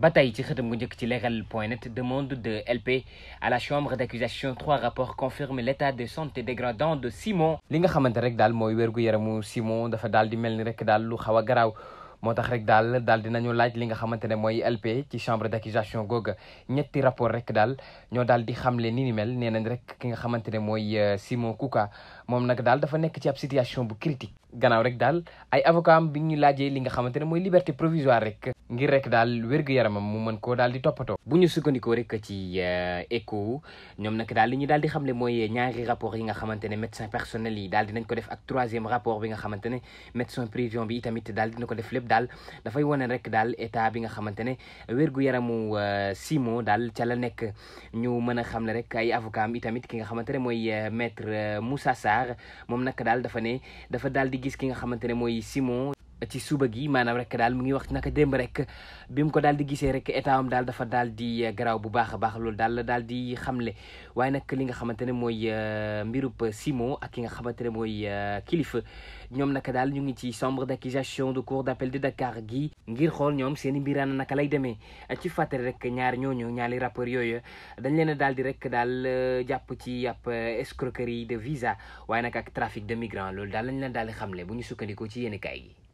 ba tey ci xëtam bu njëkk ci leeral point net demande de LP à la chambre d'accusation trois rapports confirment l'état de santé dégradant de Simon li nga xamante rek daal mooy wér-gu-yaramu Simon dafa daal di mel ni rek daal lu xaw a garaaw moo tax rek daal daal dinañu laaj li nga xamante ne mooy LP ci chambre d'accusation googa ñetti rapport rek daal ñoo daal di xamle ni ni mel nee nañ rek ki nga xamante ne mooy euh, Simon Kouka moom nag daal dafa nekk ci ab situation bu critique gannaaw rek daal ay avocat am bi laajee li nga xamante ne mooy liberté provisoire rek ngir rek daal wér-gu-yaramam mu mën koo daal di toppatoo bu ñu sukkandikoo rek ci écho euh, ñoom nag daal li ñu daal di xamle mooy ñaari rapport yi nga xamante ne médecin personnel yi daal dinañ ko def ak troisième rapport bi nga xamante ne médecin prévision bi itamit daal dina ko def lépp daal dafay wane rek daal état bi nga xamante ne wér-gu-yaramu euh, Simon daal ca la nekk ñu mën a xamle rek ay avocat am itamit ki nga xamante ne mooy euh, maître Moussa Sarr moom nag daal dafa ne dafa daal gis ki nga xamante ne mooy Simon ci suba gi maanaam rek daal mu ngi wax naka démb rek bi mu ko daal di gisee rek état am daal dafa daal di eh, garaaw bu baax a baax loolu daal daal di xamle waaye nag li nga xamante ne mooy eh, mbirub Simon ak ki nga xamante ne mooy eh, kilifa ñoom naka daal ñu ngi ci chambre d'accusation de cour d'appel de Dakar gi ngir xool ñoom seen i mbiraan naka lay demee ci fàttali rek ñaar ñooñu ñaari rappeurs yooyu dañ leen daal di rek daal jàpp ci ab escroquerie de visa waaye nag ak trafic de migrants loolu daal lañ leen daal di xamle bu ñu sukkandikoo ci yéen kaay gi